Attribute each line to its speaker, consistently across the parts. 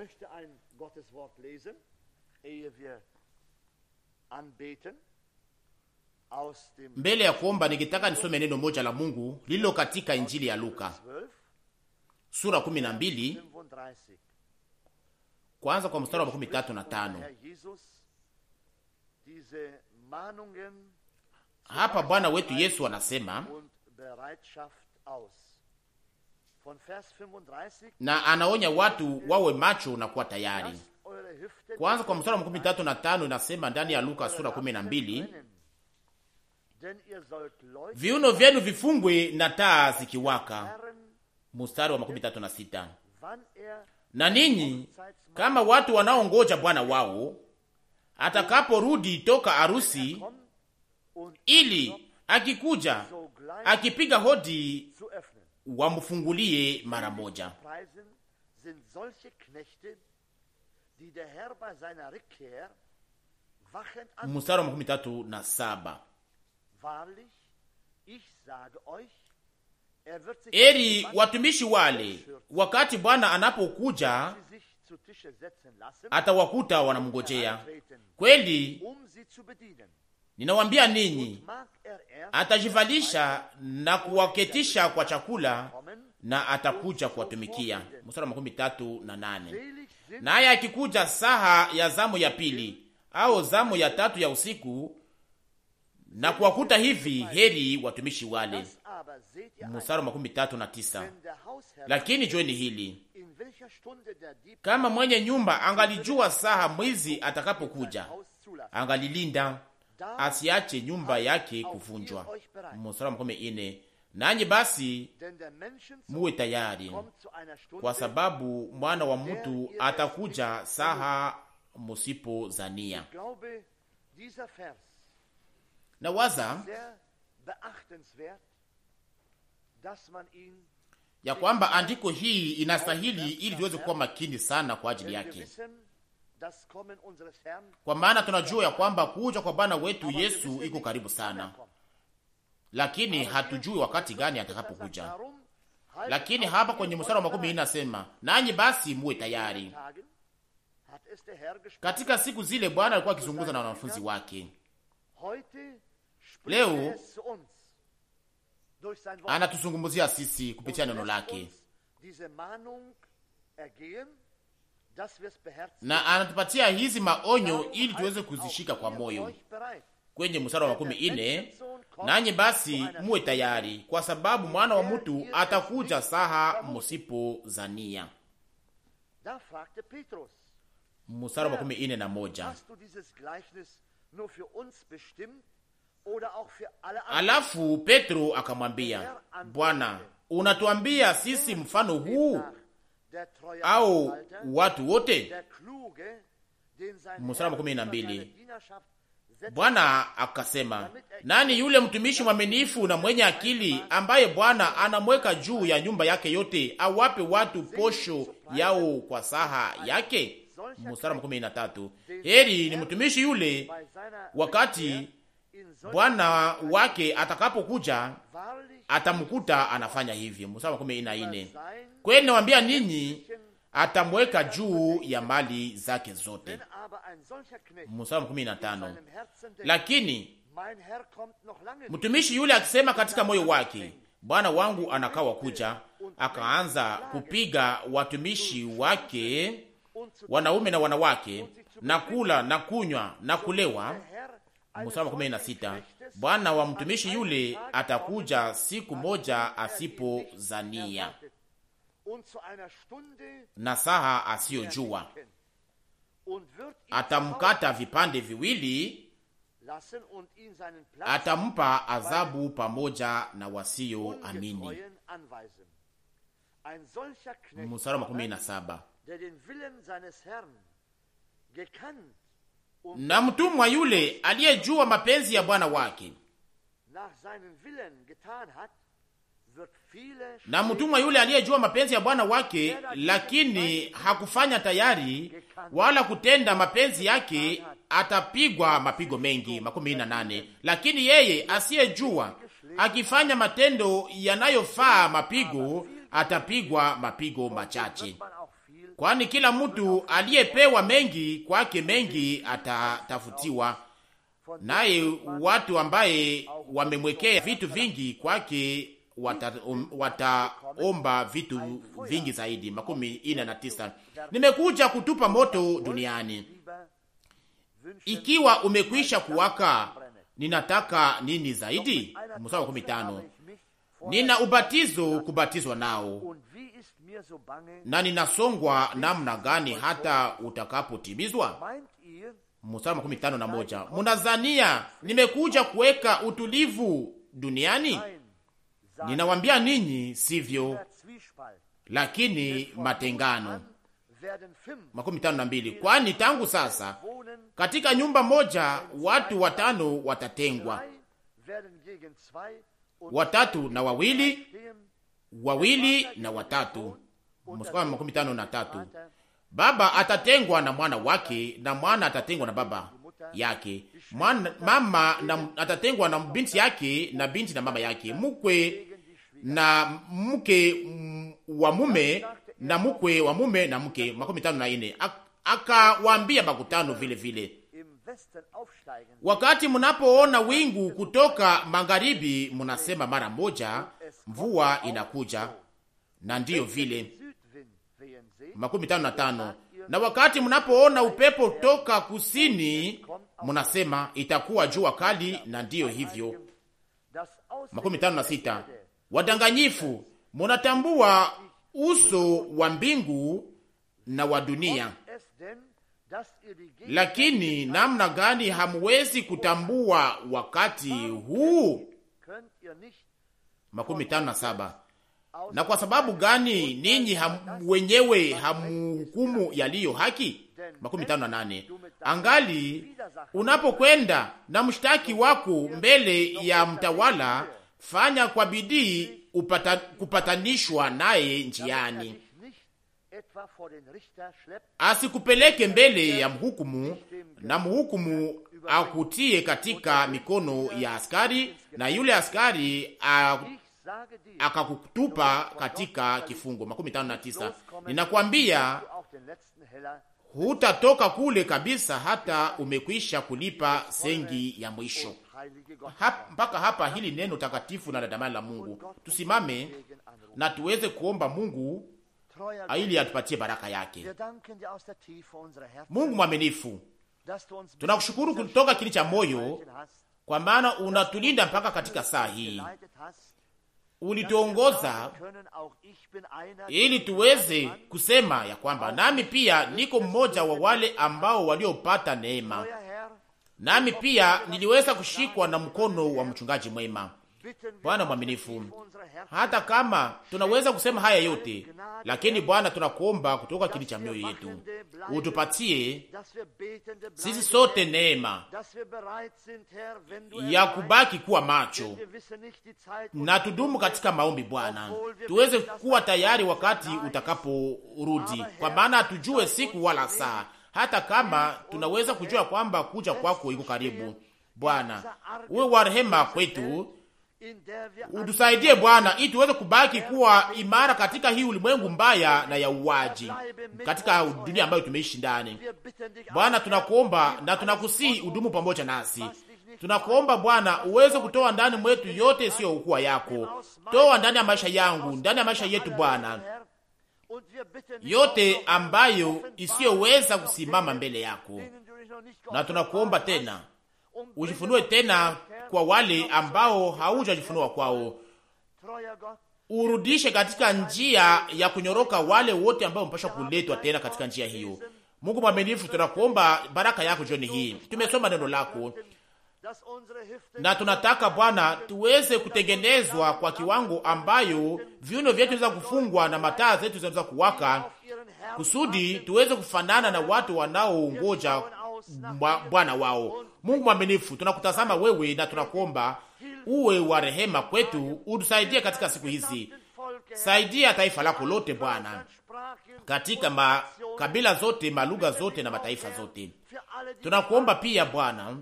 Speaker 1: möchte ein Gotteswort lesen, ehe wir anbeten.
Speaker 2: Mbele ya kuomba ningetaka nisome neno moja la Mungu lilo katika Injili ya Luka sura 12 kwanza kwa mstari wa makumi na tano. Hapa Bwana wetu Yesu anasema na anaonya watu wawe macho na kuwa tayari. Kwanza kwa mstari wa makumi tatu na tano inasema ndani ya Luka sura kumi na mbili viuno vyenu vifungwe na taa zikiwaka. Mstari wa makumi tatu na sita er na ninyi kama watu wanaongoja bwana wao atakaporudi toka arusi, er ili akikuja akipiga hodi wamfungulie mara moja. Mstari wa makumi tatu na saba
Speaker 1: er
Speaker 3: Eri watumishi
Speaker 2: wale, wakati Bwana anapokuja
Speaker 3: atawakuta wanamngojea er kweli um
Speaker 2: Ninawambia ninyi, atajivalisha na kuwaketisha kwa chakula na atakuja kuwatumikia. Mstari makumi tatu na nane. Naye akikuja saha ya zamu ya pili au zamu ya tatu ya usiku na kuwakuta hivi, heri watumishi wale. Mstari makumi tatu na tisa. Lakini jueni hili, kama mwenye nyumba angalijua saha mwizi atakapokuja, angalilinda asiache nyumba yake kuvunjwa. Mstari makumi ine nanyi basi muwe tayari, kwa sababu mwana wa mtu atakuja saha musipo zania. Na waza ya kwamba andiko hii inastahili ili tuweze kuwa makini sana kwa ajili yake kwa maana tunajua ya kwamba kuja kwa Bwana wetu Yesu iko karibu sana, lakini hatujui wakati gani atakapokuja. Lakini hapa kwenye mstari wa makumi inasema, nanyi basi muwe tayari.
Speaker 1: Katika siku
Speaker 2: zile Bwana alikuwa akizungumza na wanafunzi wake. Leo er
Speaker 1: anatuzungumzia
Speaker 2: sisi kupitia neno lake na anatupatia hizi maonyo ili tuweze kuzishika kwa moyo, kwenye msara wa kumi ine nanyi basi muwe tayari, kwa sababu mwana wa mtu atakuja saha musipozania. za wa ine na moja. Alafu Petro akamwambia, Bwana, unatuambia sisi mfano huu
Speaker 1: au watu
Speaker 2: wote? Mstari kumi na mbili. Bwana akasema, er nani yule mtumishi mwaminifu na mwenye akili ambaye Bwana anamweka juu ya er nyumba yake yote, awape watu posho yao kwa saha yake? Mstari kumi na tatu. Heri ni mtumishi yule wakati bwana wake atakapokuja atamkuta anafanya hivyo. Mstari kumi na nne. Kweli nawambia ninyi, atamweka juu ya mali zake zote. Mstari kumi na tano.
Speaker 3: Lakini mtumishi
Speaker 2: yule akisema katika moyo wake, bwana wangu anakaa wakuja, akaanza kupiga watumishi wake wanaume na wanawake na kula na kunywa na kulewa. wa kumi na sita. Bwana wa mtumishi yule atakuja siku moja asipozania na saha asiyojua,
Speaker 1: atamkata
Speaker 2: vipande viwili,
Speaker 1: atampa adhabu
Speaker 2: pamoja na wasioamini. amini na mtumwa yule aliyejua mapenzi ya bwana wake hat, na mtumwa yule aliyejua mapenzi ya bwana wake, lakini hakufanya tayari wala kutenda mapenzi yake, atapigwa mapigo mengi. makumi na nane. Lakini yeye asiyejua akifanya matendo yanayofaa mapigo, atapigwa mapigo machache, kwani kila mtu aliyepewa mengi, kwake mengi atatafutiwa naye. Watu ambaye wamemwekea vitu vingi, kwake Um, wataomba wata vitu vingi zaidi. makumi ine na tisa. Nimekuja kutupa moto duniani, ikiwa umekwisha kuwaka, ninataka nini zaidi? Mstari wa kumi tano. Nina ubatizo kubatizwa nao na ninasongwa namna gani hata utakapotimizwa. Mstari kumi tano na moja. Munazania nimekuja kuweka utulivu duniani? Ninawambia ninyi sivyo, lakini matengano. Makumi tano na mbili. Kwani tangu sasa katika nyumba moja watu watano watatengwa, watatu na wawili, wawili na watatu. Makumi tano na tatu. Baba atatengwa na mwana wake na mwana atatengwa na baba yake, mwana, mama na, atatengwa na binti yake na binti na mama yake, mkwe na mke mm, wa mume na mkwe wa mume na mke. Makumi tano na ine akawaambia makutano vile vile, wakati mnapoona wingu kutoka magharibi, mnasema mara moja mvua inakuja, na ndiyo vile. Makumi tano na tano na wakati mnapoona upepo toka kusini, mnasema itakuwa jua kali, na ndiyo hivyo. Makumi tano na sita wadanganyifu, munatambua uso wa mbingu na wa dunia, lakini namna gani hamuwezi kutambua wakati huu? Makumi tano na saba. Na kwa sababu gani ninyi ham, wenyewe hamhukumu yaliyo haki? Makumi tano na nane. Angali unapokwenda na mshtaki wako mbele ya mtawala fanya kwa bidii upata, kupatanishwa naye njiani, asikupeleke mbele ya mhukumu na mhukumu akutie katika mikono ya askari na yule askari akakutupa katika kifungo. makumi tano na tisa. Ninakwambia hutatoka kule kabisa hata umekwisha kulipa sengi ya mwisho mpaka hapa hili neno takatifu na ladamani la Mungu. Tusimame na tuweze kuomba Mungu ili atupatie baraka yake. Mungu mwaminifu, tunakushukuru kutoka kili cha moyo, kwa maana unatulinda mpaka katika saa hii, ulituongoza ili tuweze kusema ya kwamba nami pia niko mmoja wa wale ambao waliopata neema nami pia niliweza kushikwa na mkono wa mchungaji mwema. Bwana mwaminifu, hata kama tunaweza kusema haya yote lakini, Bwana, tunakuomba kutoka kili cha mioyo yetu utupatie sisi sote neema ya kubaki kuwa macho na tudumu katika maombi, Bwana, tuweze kuwa tayari wakati utakaporudi, kwa maana hatujue siku wala saa hata kama tunaweza kujua kwamba kuja kwako iko karibu. Bwana, uwe wa rehema kwetu,
Speaker 3: utusaidie Bwana
Speaker 2: ili tuweze kubaki kuwa imara katika hii ulimwengu mbaya na ya uwaji, katika dunia ambayo tumeishi ndani. Bwana, tunakuomba na tunakusii udumu pamoja nasi. Tunakuomba Bwana uweze kutoa ndani mwetu yote isiyokuwa yako. Toa ndani ya maisha yangu, ndani ya maisha yetu Bwana yote ambayo isiyoweza kusimama mbele yako, na tunakuomba tena ujifunue tena kwa wale ambao haujajifunua kwao, urudishe katika njia ya kunyoroka wale wote ambao mpasha kuletwa tena katika njia hiyo. Mungu mwaminifu, tunakuomba baraka yako jioni hii. Tumesoma neno lako na tunataka Bwana tuweze kutengenezwa kwa kiwango ambayo viuno vyetu vinaweza kufungwa na mataa zetu zinaweza kuwaka, kusudi tuweze kufanana na watu wanaoongoja Bwana wao. Mungu mwaminifu, tunakutazama wewe na tunakuomba uwe wa rehema kwetu, utusaidie katika siku hizi. Saidia taifa lako lote Bwana, katika makabila zote, malugha zote na mataifa zote. Tunakuomba pia Bwana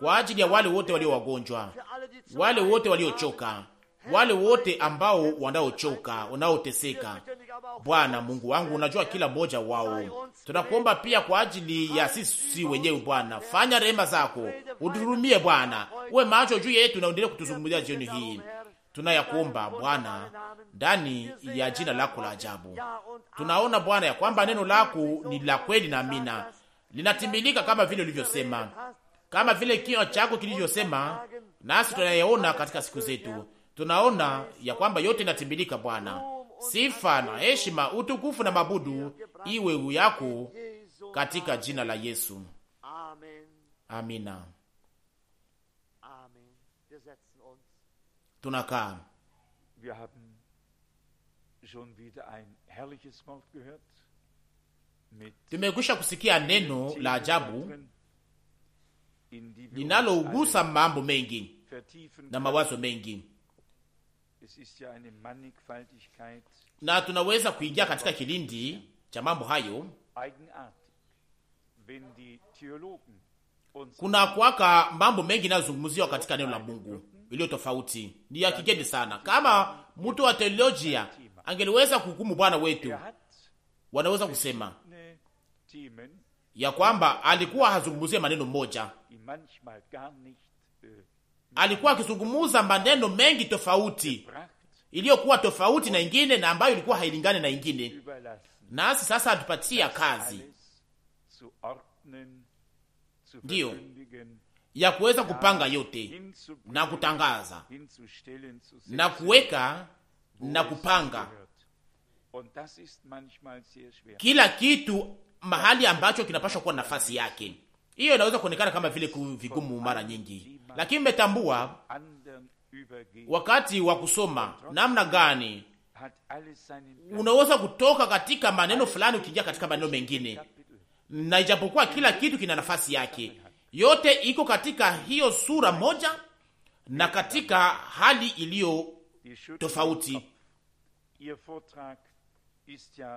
Speaker 2: kwa ajili ya wale wote walio wagonjwa, wale wote waliochoka, wale wote ambao wanaochoka, wanaoteseka. Bwana Mungu wangu, unajua kila mmoja wao. Tunakuomba pia kwa ajili ya sisi wenyewe Bwana, fanya rehema zako, utuhurumie Bwana, uwe macho juu yetu na uendelee kutuzungumzia jioni hii. Tunayakuomba Bwana ndani ya jina lako la ajabu. Tunaona Bwana ya kwamba neno lako ni la kweli na amina linatimilika kama vile ulivyosema, kama vile kinywa chako kilivyosema, nasi tunayaona katika siku zetu. Tunaona ya kwamba yote inatimilika. Bwana, sifa na heshima, utukufu na mabudu iwe yako katika jina la Yesu, amina. Tunakaa. Tumekwisha kusikia neno la ajabu linalogusa mambo mengi na mawazo mengi,
Speaker 4: na tunaweza kuingia katika
Speaker 2: kilindi cha mambo hayo. Kuna kwaka mambo mengi inayozungumziwa katika neno la Mungu iliyo tofauti, ni ya kigeni sana. Kama mtu wa teolojia angeliweza kuhukumu Bwana wetu, er wanaweza kusema ya kwamba alikuwa hazungumzie maneno moja,
Speaker 3: äh,
Speaker 2: alikuwa akizungumuza maneno mengi tofauti, iliyokuwa tofauti na ingine na ambayo ilikuwa hailingane na ingine. Nasi sasa atupatia kazi ndiyo ya kuweza kupanga yote na kutangaza na kuweka na kupanga kila kitu mahali ambacho kinapaswa kuwa nafasi yake. Hiyo inaweza kuonekana kama vile vigumu mara nyingi, lakini mmetambua wakati wa kusoma namna gani unaweza kutoka katika maneno fulani ukiingia katika maneno mengine, na ijapokuwa kila kitu kina nafasi yake, yote iko katika hiyo sura moja na katika hali iliyo tofauti.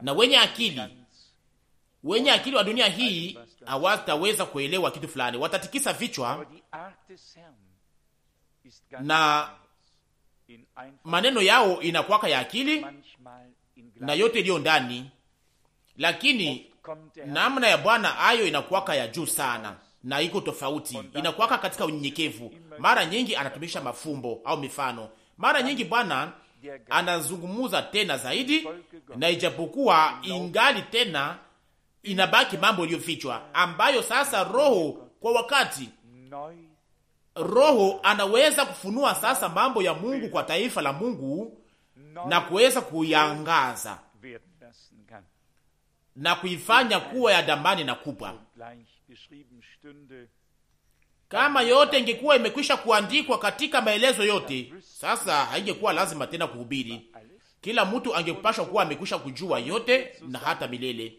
Speaker 2: Na wenye akili wenye akili wa dunia hii hawataweza kuelewa kitu fulani, watatikisa vichwa na maneno yao inakwaka ya akili na yote iliyo ndani, lakini namna ya Bwana ayo inakwaka ya juu sana na iko tofauti, inakwaka katika unyenyekevu. Mara nyingi anatumisha mafumbo au mifano, mara nyingi Bwana anazungumuza tena zaidi, na ijapokuwa ingali tena inabaki mambo iliyofichwa ambayo sasa Roho kwa wakati Roho anaweza kufunua sasa mambo ya Mungu kwa taifa la Mungu na kuweza kuyangaza na kuifanya kuwa ya damani na kubwa. Kama yote ingekuwa imekwisha kuandikwa katika maelezo yote, sasa haingekuwa lazima tena kuhubiri. Kila mtu angepashwa kuwa amekwisha kujua yote na hata milele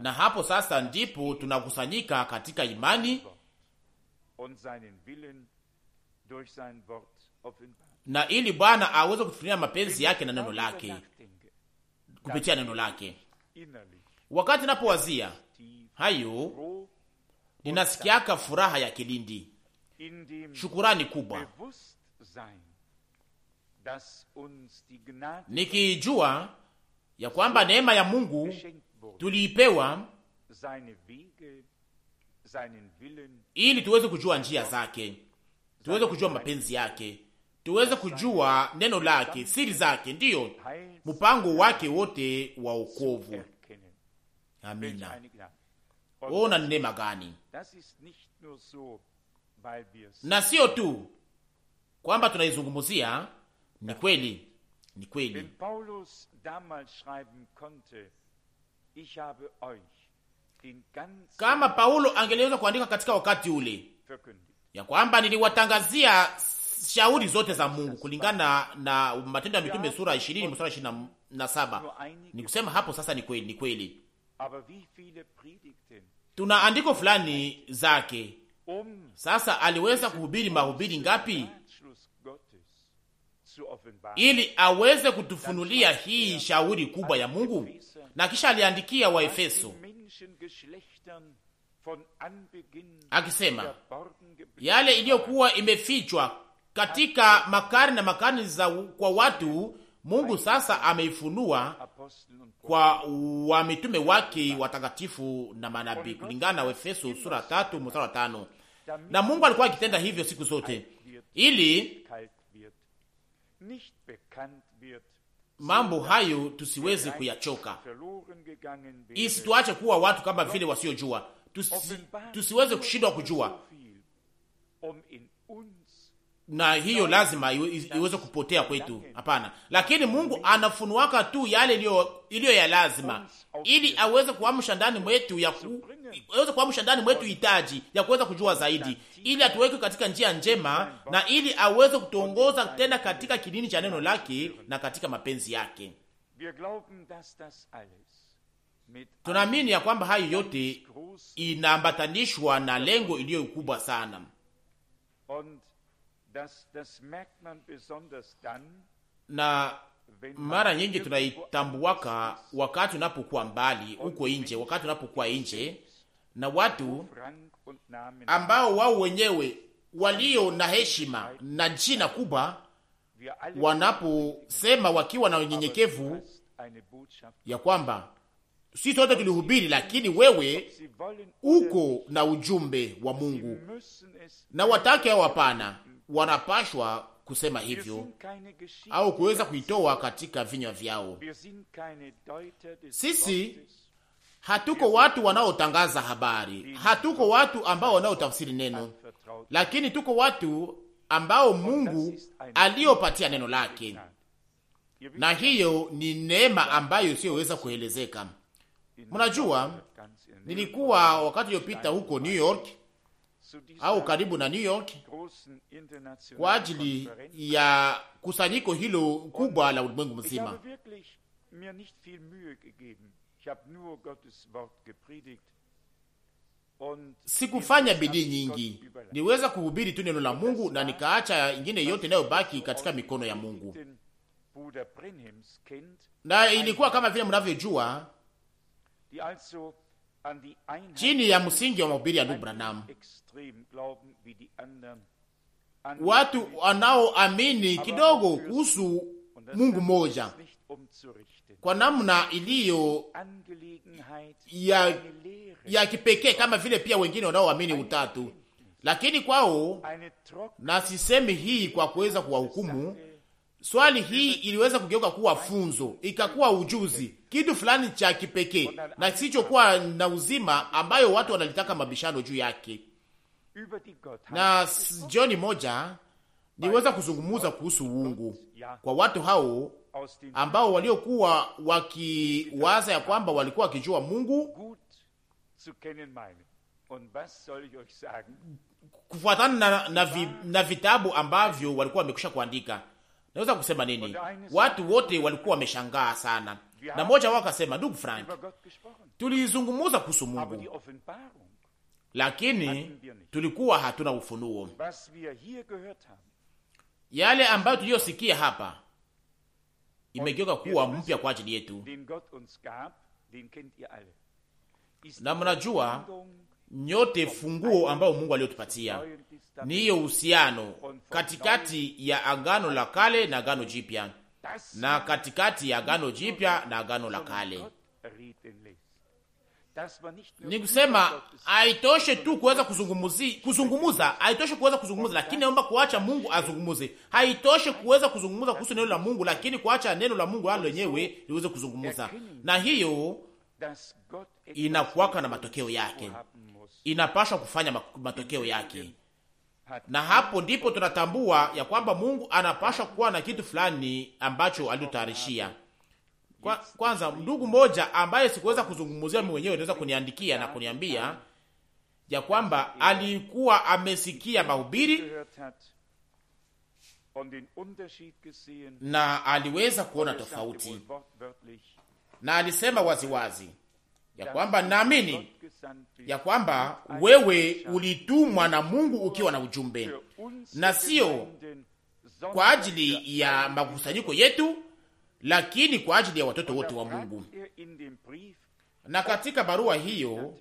Speaker 2: na hapo sasa ndipo tunakusanyika katika imani na ili Bwana aweze kutufunia mapenzi yake na neno lake kupitia neno lake. Wakati napowazia hayo, ninasikiaka furaha ya kilindi,
Speaker 4: shukurani kubwa,
Speaker 2: nikijua ya kwamba neema ya Mungu tuliipewa ili tuweze kujua njia zake, tuweze kujua mapenzi yake, tuweze kujua neno lake, siri zake, ndiyo mpango wake wote wa wokovu. Amina. Ona ni neema gani! Na sio tu kwamba tunaizungumzia, ni kweli ni kweli kama Paulo angeliweza kuandika katika wakati ule ya kwamba niliwatangazia shauri zote za Mungu kulingana na Matendo ya Mitume sura 20 mstari 27. Ni kusema hapo sasa, ni kweli, ni kweli. Tuna andiko fulani zake. Um sasa aliweza kuhubiri mahubiri ngapi ili aweze kutufunulia hii shauri kubwa ya Mungu. Na kisha aliandikia Waefeso akisema yale iliyokuwa imefichwa katika makari na makari za kwa watu Mungu sasa ameifunua kwa wamitume wake watakatifu na manabii, kulingana na Waefeso sura tatu mstari wa tano. Na Mungu alikuwa akitenda hivyo siku zote ili mambo hayo tusiweze kuyachoka,
Speaker 4: isituache
Speaker 2: kuwa watu kama vile wasiojua, tusi, tusiweze kushindwa kujua um na hiyo lazima iweze kupotea kwetu, hapana. Lakini Mungu anafunuaka tu yale iliyo ya lazima, ili aweze kuamsha ndani mwetu ya ku, aweze kuamsha ndani mwetu hitaji ya kuweza kujua zaidi, ili atuweke katika njia njema, na ili aweze kutuongoza tena katika kidini cha neno lake na katika mapenzi yake. Tunaamini ya kwamba hayo yote inaambatanishwa na lengo iliyo kubwa sana na mara nyingi tunaitambuaka wakati unapokuwa mbali huko nje, wakati unapokuwa nje na watu ambao wao wenyewe walio na heshima na jina kubwa, wanaposema wakiwa na unyenyekevu ya kwamba si sote tulihubiri, lakini wewe uko na ujumbe wa Mungu, na watake au hapana, wanapashwa kusema hivyo au kuweza kuitoa katika vinywa vyao. Sisi hatuko watu wanaotangaza habari, hatuko watu ambao wanaotafsiri neno, lakini tuko watu ambao Mungu aliyopatia neno lake, na hiyo ni neema ambayo isiyoweza kuelezeka. Mnajua, nilikuwa wakati uliopita huko New York au karibu na New York
Speaker 4: kwa ajili ya
Speaker 2: kusanyiko hilo kubwa la ulimwengu mzima. Sikufanya bidii nyingi, niweza kuhubiri tu neno la Mungu na nikaacha ingine yote inayobaki katika mikono ya Mungu. Na ilikuwa kama vile mnavyojua chini ya msingi wa mahubiri ya ndugu Branham. Watu wanaoamini kidogo kuhusu Mungu moja kwa namna iliyo ya, ya kipekee kama vile pia wengine wanaoamini utatu, lakini kwao, na sisemi hii kwa kuweza kuwahukumu. Swali hii iliweza kugeuka kuwa funzo, ikakuwa ujuzi kitu fulani cha kipekee na kisichokuwa na uzima, ambayo watu wanalitaka mabishano juu yake. Na jioni moja niweza kuzungumuza kuhusu uungu kwa watu hao ambao waliokuwa wakiwaza ya kwamba walikuwa wakijua Mungu kufuatana na, na, vi, na vitabu ambavyo walikuwa wamekwisha kuandika. Naweza kusema nini? Watu wote walikuwa wameshangaa sana na mmoja wao akasema, ndugu Frank, tulizungumuza kuhusu Mungu, lakini tulikuwa hatuna ufunuo. Yale ambayo tuliyosikia hapa imegeuka kuwa mpya kwa ajili yetu, na mnajua nyote funguo ambayo Mungu aliyotupatia ni hiyo uhusiano katikati ya agano la kale na agano jipya na katikati ya Agano Jipya na Agano la Kale. Ni kusema haitoshe tu kuweza kuzungumuzi kuzungumuza, haitoshe kuweza kuzungumuza, lakini naomba kuacha Mungu azungumuze. Haitoshe kuweza kuzungumuza kuhusu neno la Mungu, lakini kuacha neno la Mungu alo lenyewe liweze kuzungumuza, na hiyo inakuwaka na matokeo yake, inapashwa kufanya matokeo yake na hapo ndipo tunatambua ya kwamba Mungu anapasha kuwa na kitu fulani ambacho alitutayarishia. Kwa, kwanza ndugu mmoja ambaye sikuweza kuzungumzia mimi mwenyewe anaweza kuniandikia na kuniambia ya kwamba alikuwa amesikia mahubiri
Speaker 4: na aliweza kuona tofauti,
Speaker 2: na alisema waziwazi wazi ya kwamba naamini ya kwamba wewe ulitumwa na Mungu ukiwa na ujumbe,
Speaker 3: na sio
Speaker 2: kwa ajili ya makusanyiko yetu, lakini kwa ajili ya watoto wote wa Mungu. Na katika barua hiyo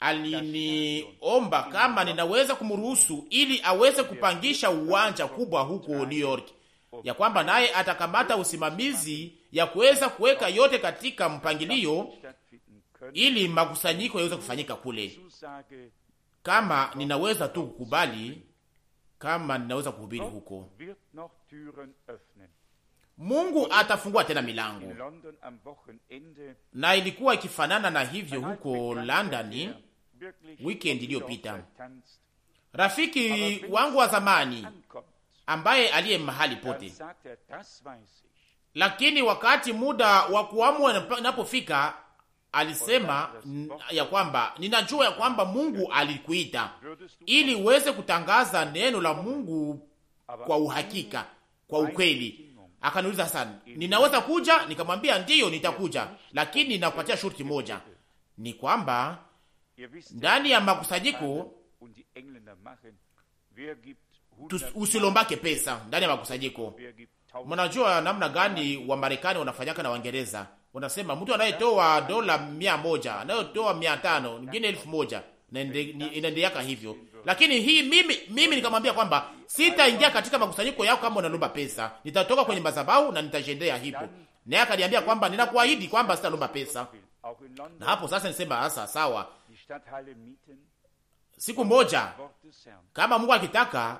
Speaker 2: aliniomba kama ninaweza kumruhusu ili aweze kupangisha uwanja kubwa huko New York, ya kwamba naye atakamata usimamizi ya kuweza kuweka yote katika mpangilio ili makusanyiko yaweze kufanyika kule. Kama ninaweza tu kukubali, kama ninaweza kuhubiri huko, Mungu atafungua tena milango. Na ilikuwa ikifanana na hivyo huko Londoni weekend iliyopita. Rafiki wangu wa zamani ambaye aliye mahali pote, er, lakini wakati muda wa kuamua napofika alisema ya kwamba ninajua ya kwamba Mungu alikuita ili uweze kutangaza neno la Mungu kwa uhakika, kwa ukweli. Akaniuliza sana, ninaweza kuja? Nikamwambia ndiyo, nitakuja, lakini ninakupatia shurti moja, ni kwamba ndani ya makusanyiko usilombake pesa ndani ya makusanyiko. Mnajua namna gani Wamarekani wanafanyaka na Waingereza Unasema mtu anayetoa dola mia moja anayetoa mia tano nyingine elfu moja inaendeaka hivyo, lakini hii mimi mimi nikamwambia kwamba sitaingia katika makusanyiko yako kama unalomba pesa, nitatoka kwenye madhabahu na nitajendea hipo. Naye akaniambia kwamba ninakuahidi kwamba sitalomba pesa, na hapo sasa nisema sasa, sawa. Siku moja kama Mungu akitaka,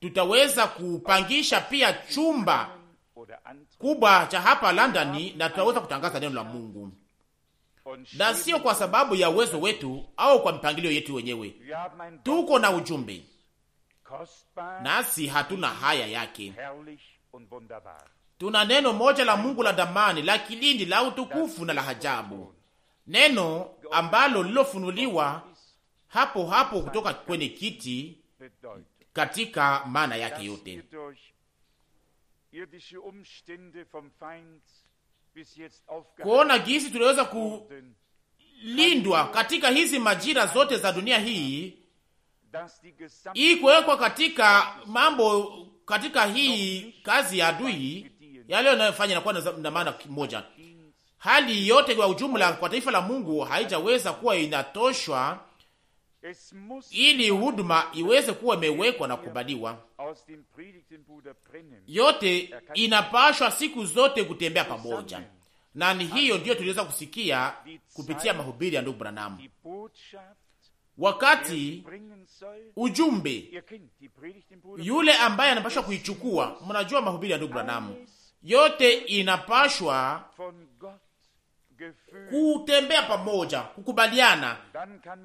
Speaker 2: tutaweza kupangisha pia chumba kubwa cha hapa London na tunaweza kutangaza neno la Mungu na sio kwa sababu ya uwezo wetu au kwa mipangilio yetu wenyewe. Tuko na ujumbe, nasi hatuna haya yake. Tuna neno moja la Mungu la damani la kilindi la utukufu na la hajabu, neno ambalo lilofunuliwa hapo hapo kutoka kwenye kiti katika maana yake yote
Speaker 4: kuona jinsi tuliweza
Speaker 2: kulindwa katika hizi majira zote za dunia hii, ili kuwekwa katika mambo katika hii kazi ya adui yale yanayofanya inakuwa na maana moja. Hali yote kwa ujumla kwa taifa la Mungu haijaweza kuwa inatoshwa ili huduma iweze kuwa imewekwa na kubaliwa yote er inapashwa siku zote kutembea pamoja, na ni hiyo ndiyo tuliweza kusikia kupitia mahubiri ya ndugu Branamu, wakati
Speaker 4: er ujumbe
Speaker 2: yule ambaye anapashwa kuichukua. Mnajua mahubiri ya ndugu Branamu yote inapashwa kutembea pamoja, kukubaliana,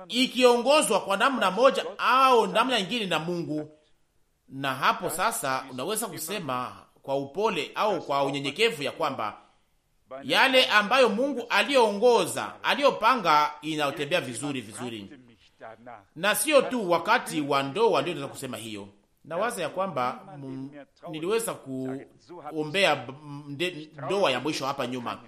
Speaker 2: ikiongozwa kwa namna moja au namna nyingine na Mungu na hapo sasa unaweza kusema kwa upole au kwa unyenyekevu ya kwamba yale ambayo Mungu aliyoongoza aliyopanga inatembea vizuri vizuri, na sio tu wakati wa ndoa ndio naweza kusema hiyo. Na waza ya kwamba niliweza kuombea ndoa ya mwisho hapa nyuma.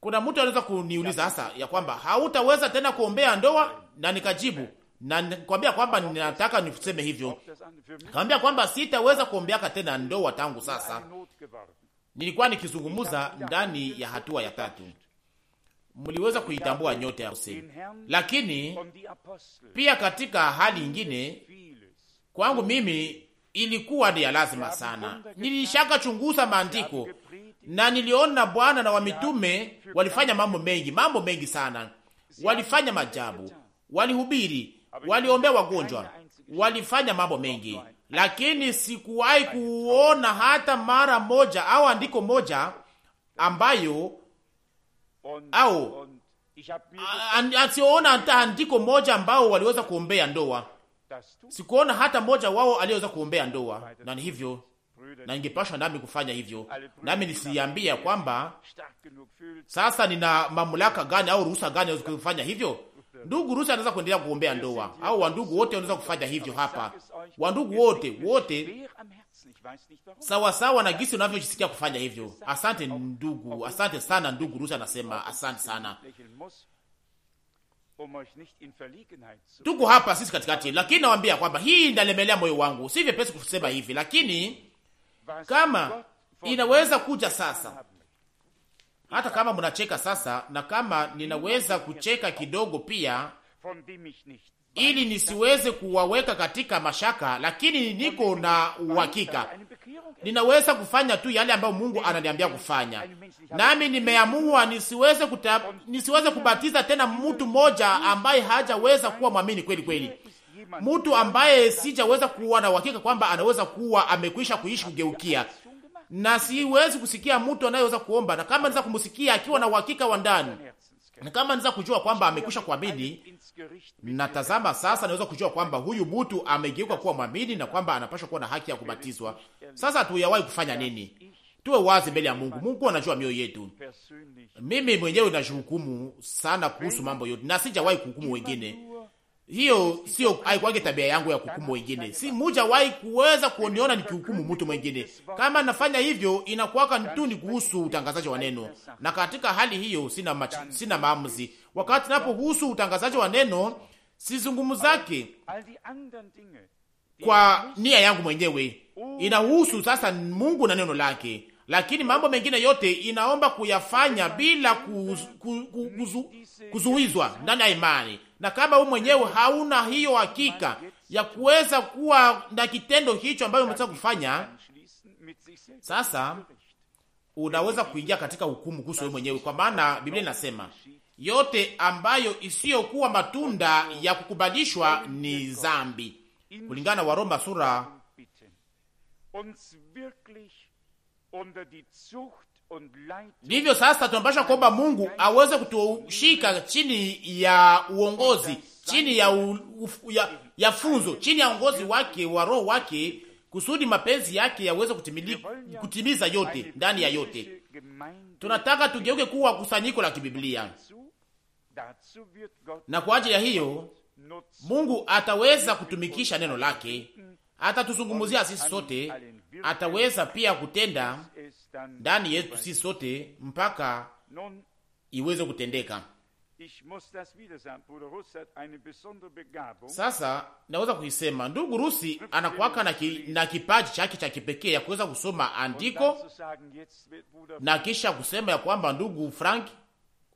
Speaker 2: Kuna mtu anaweza kuniuliza sasa ya kwamba hautaweza tena kuombea ndoa, na nikajibu na nikwambia kwamba ninataka niseme hivyo, kwambia kwamba sitaweza kuombeaka tena ndoa tangu sasa. Nilikuwa nikizungumuza ndani ya hatua ya tatu, mliweza kuitambua nyote yose, lakini um pia katika hali ingine kwangu mimi ilikuwa ni ya lazima sana. Nilishaka chunguza maandiko na niliona Bwana na wamitume walifanya mambo mengi, mambo mengi sana, walifanya majabu, walihubiri waliombea wagonjwa, walifanya mambo mengi, lakini sikuwahi kuona hata mara moja au andiko moja ambayo au asiona hata andiko moja ambao waliweza kuombea ndoa. Sikuona hata moja wao aliyeweza kuombea ndoa, na ni hivyo na ingepashwa nami kufanya hivyo, nami nisiambia kwamba sasa nina mamlaka gani au ruhusa gani kufanya hivyo Ndugu Rusi anaweza kuendelea kuombea ndoa, au wandugu wote wanaweza kufanya hivyo hapa, wandugu wote wote, sawa sawa na gisi unavyojisikia kufanya hivyo. Asante ndugu, asante sana ndugu Rusi anasema asante sana um tuko hapa sisi katikati, lakini nawambia kwamba hii ndalemelea moyo wangu, si vyepesi kusema hivi, lakini kama inaweza kuja sasa hata kama mnacheka sasa, na kama ninaweza kucheka kidogo pia, ili nisiweze kuwaweka katika mashaka, lakini niko na uhakika ninaweza kufanya tu yale ambayo Mungu ananiambia kufanya. Nami nimeamua nisiweze kuta, nisiweze kubatiza tena mtu mmoja ambaye hajaweza kuwa mwamini kweli kweli, mtu ambaye sijaweza kuwa na uhakika kwamba anaweza kuwa amekwisha kuishi kugeukia na siwezi kusikia mtu anayeweza kuomba, na kama naweza kumsikia akiwa na uhakika wa ndani, na kama naweza kujua kwamba amekwisha kuamini, natazama sasa, naweza kujua kwamba huyu mtu amegeuka kuwa mwamini na kwamba anapaswa kuwa na haki ya kubatizwa. Sasa tuyawahi kufanya nini? Tuwe wazi mbele ya Mungu. Mungu anajua mioyo yetu. Mimi mwenyewe najihukumu sana kuhusu mambo yote, na sijawahi kuhukumu wengine hiyo sio haikuwake tabia yangu ya kuhukumu wengine, si muja wahi kuweza kuoniona nikihukumu mtu mwingine. Kama nafanya hivyo, inakuwaka tu ni kuhusu utangazaji wa neno, na katika hali hiyo sina machi, sina maamuzi. Wakati napohusu utangazaji wa neno, sizungumuzake kwa nia yangu mwenyewe, inahusu sasa Mungu na neno lake, lakini mambo mengine yote inaomba kuyafanya bila kuzu, kuzu, kuzuizwa ndani ya imani na kama wewe mwenyewe hauna hiyo hakika ya kuweza kuwa na kitendo hicho ambayo umetaka kufanya, sasa unaweza kuingia katika hukumu kuhusu wewe mwenyewe, kwa maana Biblia inasema yote ambayo isiyokuwa matunda ya kukubalishwa ni zambi, kulingana na Waroma sura ndivyo sasa tunapasha kuomba Mungu aweze kutushika chini ya uongozi, chini ya, u, ya, ya funzo, chini ya uongozi wake wa Roho wake, kusudi mapenzi yake yaweze kutimiza yote ndani ya yote. Tunataka tugeuke kuwa kusanyiko la kibiblia, na kwa ajili ya hiyo Mungu ataweza kutumikisha neno lake, atatuzungumzia sisi sote, ataweza pia kutenda ndani yetu sisi sote mpaka iweze kutendeka. Sasa naweza kuisema ndugu Rusi anakuwaka na, ki, na kipaji chake cha kipekee ya kuweza kusoma andiko na kisha kusema ya kwamba ndugu Frank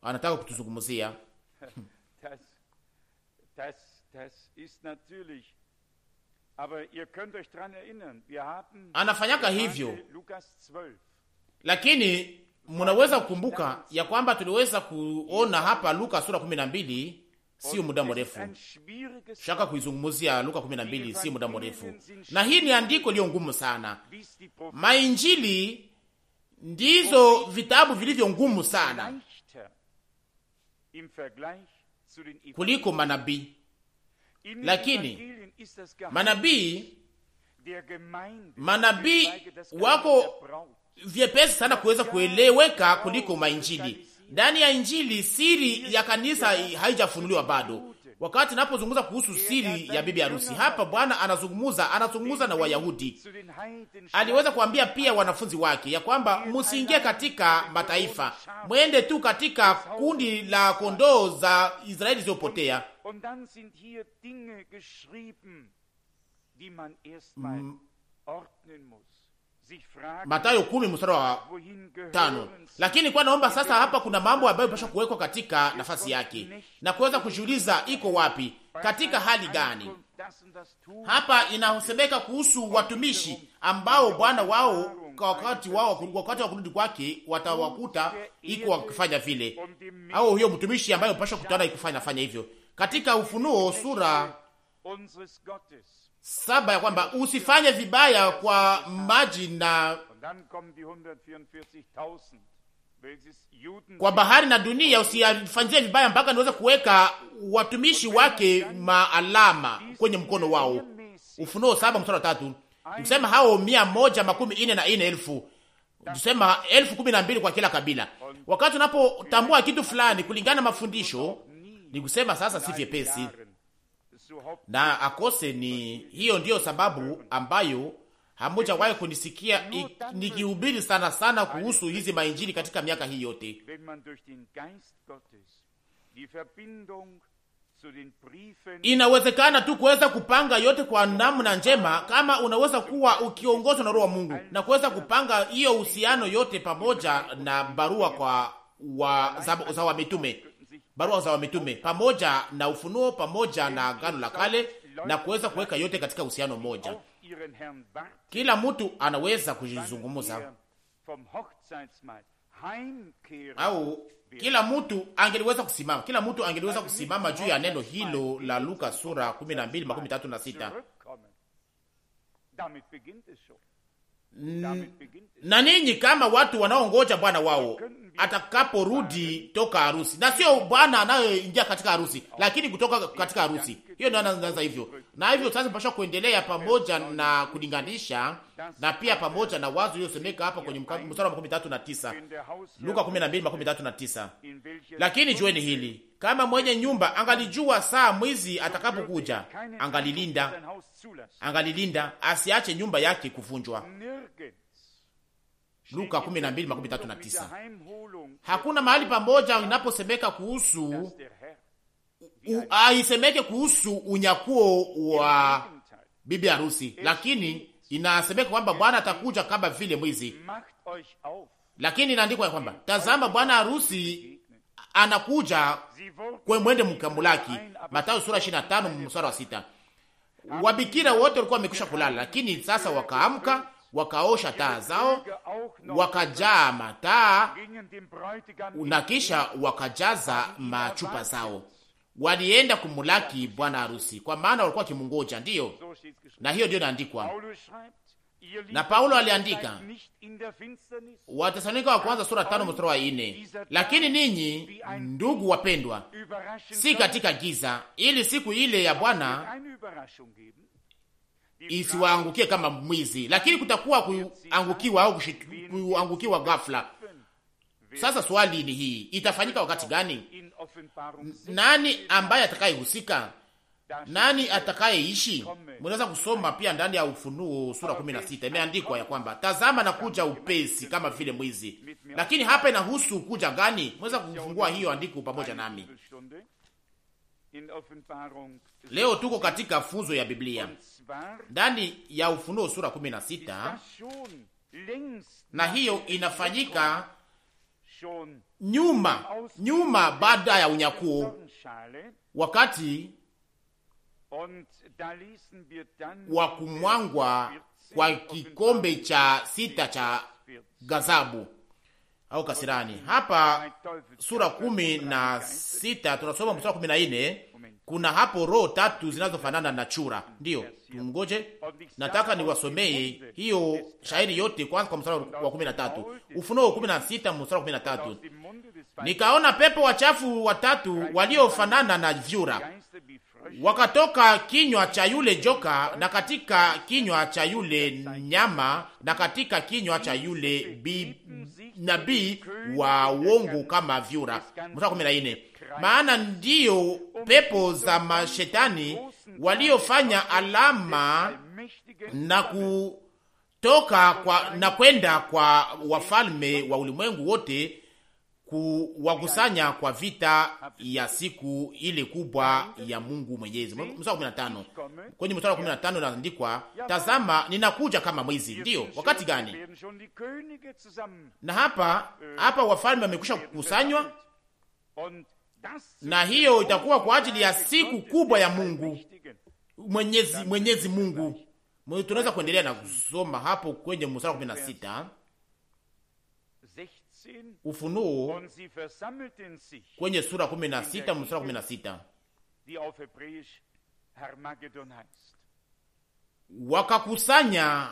Speaker 2: anataka kutuzungumzia
Speaker 4: anafanyaka hivyo,
Speaker 2: lakini munaweza kukumbuka ya kwamba tuliweza kuona hapa Luka sura 12 sio muda mrefu, shaka kuizungumzia Luka 12 sio muda mrefu, na hii ni andiko iliyo ngumu sana. Mainjili ndizo vitabu vilivyo ngumu sana kuliko manabii,
Speaker 4: lakini
Speaker 2: Manabii manabii wako vyepesi sana kuweza kueleweka oh, kuliko mainjili. Ndani ya Injili siri ya kanisa haijafunuliwa bado. Wakati napozungumza kuhusu siri ya bibi harusi hapa, Bwana anazungumza, anazungumza na Wayahudi. Aliweza kuambia pia wanafunzi wake ya kwamba musiingie katika mataifa, mwende tu katika kundi la kondoo za Israeli zilizopotea
Speaker 4: matayo kumi mstari wa
Speaker 2: tano. Lakini kwa naomba sasa, hapa kuna mambo ambayo pasha kuwekwa katika nafasi yake na kuweza kujiuliza iko wapi, katika hali gani? Hapa inasemeka kuhusu watumishi ambao bwana wao wakati wao wakati wa kurudi kwake watawakuta iko wakifanya vile, au hiyo mtumishi ambayo pasha kutana ikufanya fanya hivyo katika Ufunuo sura saba ya kwamba usifanye vibaya kwa maji na
Speaker 4: kwa bahari na dunia,
Speaker 2: usifanyie vibaya mpaka niweze kuweka watumishi wake maalama kwenye mkono wao. Ufunuo saba mstari wa tatu. Nikusema hao mia moja makumi ine na ine elfu tusema elfu kumi na mbili kwa kila kabila. Wakati unapotambua kitu fulani kulingana na mafundisho ni kusema sasa si vyepesi na akose. Ni hiyo ndiyo sababu ambayo hamujawahi kunisikia nikihubiri sana sana kuhusu hizi mainjili katika miaka hii yote. Inawezekana tu kuweza kupanga yote kwa namna njema, kama unaweza kuwa ukiongozwa na Roho wa Mungu na kuweza kupanga hiyo uhusiano yote pamoja na barua kwa wa, za, za wa mitume barua za mitume pamoja na Ufunuo pamoja na Agano la Kale na kuweza kuweka yote katika uhusiano mmoja. Kila mtu anaweza kujizungumza au kila mtu angeliweza kusimama, kila mtu angeliweza kusimama juu ya neno hilo la Luka sura 12 makumi tatu na sita na ninyi kama watu wanaongoja bwana wao atakaporudi toka harusi, na sio bwana anayoingia katika harusi, lakini kutoka katika harusi hiyo ndio anaanza hivyo. Na hivyo sasa mpasha kuendelea pamoja na kulinganisha na pia pamoja na wazo iliyosemeka hapa kwenye mstari wa makumi tatu na tisa Luka kumi na mbili makumi tatu na tisa lakini jueni hili kama mwenye nyumba angalijua saa mwizi atakapokuja, angalilinda, angalilinda asiache nyumba yake kuvunjwa. Luka 12:39. Hakuna mahali pamoja inaposemeka kuhusu aisemeke kuhusu unyakuo wa bibi harusi, lakini inasemeka kwamba Bwana atakuja kama vile mwizi. Lakini inaandikwa ya kwamba tazama, bwana harusi anakuja kwe mwende mkamulaki. Mathayo sura 25 mstari wa sita. Wabikira wote walikuwa wamekwisha kulala, lakini sasa wakaamka, wakaosha taa zao, wakajaa mataa na kisha wakajaza machupa zao, walienda kumulaki bwana harusi, kwa maana walikuwa wakimungoja. Ndiyo, na hiyo ndiyo inaandikwa.
Speaker 4: Na Paulo aliandika
Speaker 2: Watesalonika wa kwanza sura tano mstari wa ine, lakini ninyi ndugu wapendwa,
Speaker 3: si katika
Speaker 2: giza, ili siku ile ya Bwana isiwaangukie kama mwizi, lakini kutakuwa kuangukiwa au kuangukiwa ghafla. Sasa swali ni hii, itafanyika wakati gani? Nani ambaye atakayehusika? nani atakayeishi? Mnaweza kusoma pia ndani ya Ufunuo sura 16 imeandikwa ya kwamba tazama, na kuja upesi kama vile mwizi. Lakini hapa inahusu kuja gani? Mnaweza kufungua hiyo andiko pamoja nami. Leo tuko katika funzo ya Biblia ndani ya Ufunuo sura 16, na hiyo inafanyika nyuma nyuma, baada ya unyakuo, wakati wa kumwangwa kwa kikombe cha sita cha gazabu au kasirani. Hapa sura kumi na sita tunasoma mstari kumi na nne kuna hapo roho tatu zinazofanana na chura. Ndiyo, tungoje, nataka niwasomee hiyo shairi yote kwanza, kwa mstari wa kumi na tatu Ufunuo kumi na sita mstari wa kumi na tatu nikaona pepo wachafu watatu waliofanana na vyura wakatoka kinywa cha yule joka na katika kinywa cha yule nyama na katika kinywa cha yule nabii wa uongo kama vyura. Mstari kumi na nne maana ndiyo pepo za mashetani waliofanya alama na kutoka kwa, na kwenda kwa wafalme wa ulimwengu wote kuwakusanya yaani, kwa vita ya siku ile kubwa yaani, ya Mungu Mwenyezi. Yaani, mstari wa 15. Kwenye mstari wa 15 inaandikwa, tazama ninakuja kama mwizi. Ndio, wakati gani? Na hapa äh, hapa wafalme wamekwisha kukusanywa. Na hiyo itakuwa kwa ajili ya siku kubwa ya Mungu Mwenyezi Mwenyezi Mungu. Tunaweza kuendelea na kusoma hapo kwenye mstari wa 16. Ufunuo kwenye sura kumi na sita mstari kumi na sita wakakusanya